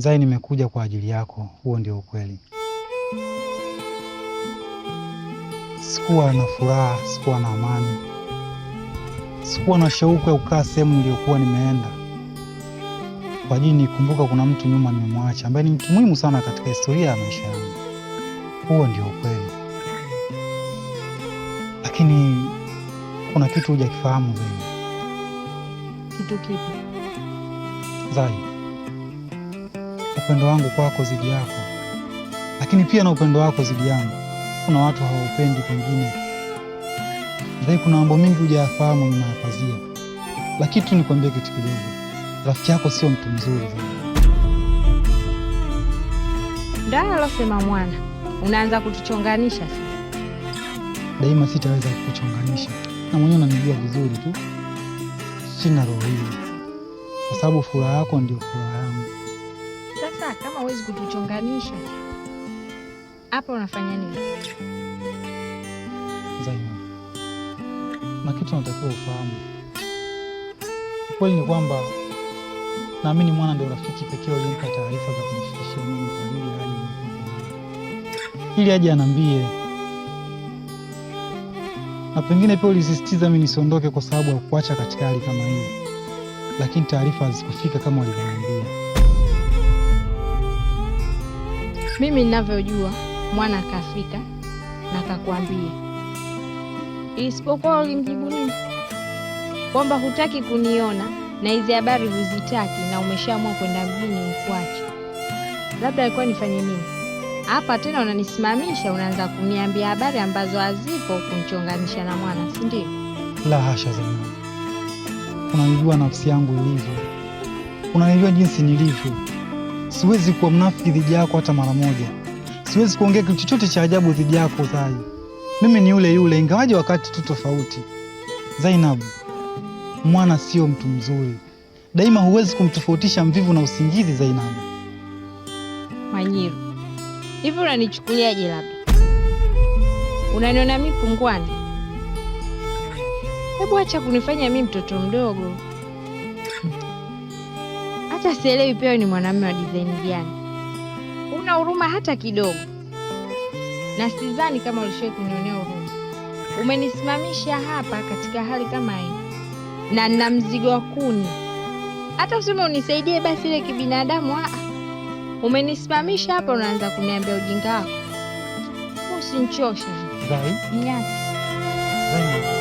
Zai, nimekuja kwa ajili yako, huo ndio ukweli. Sikuwa na furaha, sikuwa na amani, sikuwa na shauku ya kukaa sehemu niliyokuwa nimeenda kwa ajili nikumbuka kuna mtu nyuma nimemwacha, ambaye ni mtu muhimu sana katika historia ya maisha yangu. Huo ndio ukweli, lakini kuna kitu hujakifahamu. Zai, kitu kipi Zai? upendo wangu kwako zidi yako, lakini pia na upendo wako zidi yangu. Kuna watu hawaupendi, pengine nadhani kuna mambo mengi hujayafahamu, ninayapazia. Lakini tu nikwambie kitu kidogo, rafiki yako sio mtu mzuri zaidi. Ndio alosema mwana, unaanza kutuchonganisha sasa. Daima sitaweza kukuchonganisha, na mwenyewe unanijua vizuri tu. Sina roho hili, kwa sababu furaha yako ndio furaha yangu. Ah, kama huwezi kutuchonganisha hapa, unafanya nini? Zaina, na kitu natakiwa ufahamu, ukweli ni kwamba naamini mwana ndio rafiki pekee aliyempa taarifa za kumfikishia mimi kwa ajili ya hali ili aje anambie, na pengine pia ulisisitiza mimi nisiondoke kwa sababu ya kuacha katika hali kama hiyo, lakini taarifa hazikufika kama walivyoniambia. Mimi ninavyojua mwana akafika na kakwambia, isipokuwa ulimjibu nini? Kwamba hutaki kuniona na hizi habari huzitaki na umeshaamua kwenda mjini ukwake. Labda alikuwa nifanye nini hapa tena? Unanisimamisha, unaanza kuniambia habari ambazo hazipo, kunchonganisha na mwana, si ndio? La hasha, Zainabu, unanijua nafsi yangu ilivyo, unanijua jinsi nilivyo Siwezi kuwa mnafiki dhidi yako hata mara moja. Siwezi kuongea kitu chochote cha ajabu dhidi yako Zai. Mimi ni yule yule, ingawaje wakati tu tofauti. Zainabu, mwana sio mtu mzuri. Daima huwezi kumtofautisha mvivu na usingizi. Zainabu Mwanyiru, hivi unanichukuliaje? Labda unaniona mimi kungwani? Hebu acha kunifanya mimi mtoto mdogo hata sielewi pia ni mwanamume wa design gani, una huruma hata kidogo, na sidhani kama ulishawahi kunionea huruma. Umenisimamisha hapa katika hali kama hii, na nina mzigo wa kuni. Hata useme unisaidie basi ile kibinadamu, ah, ah. umenisimamisha hapa, unaanza kuniambia ujinga wako. Bye.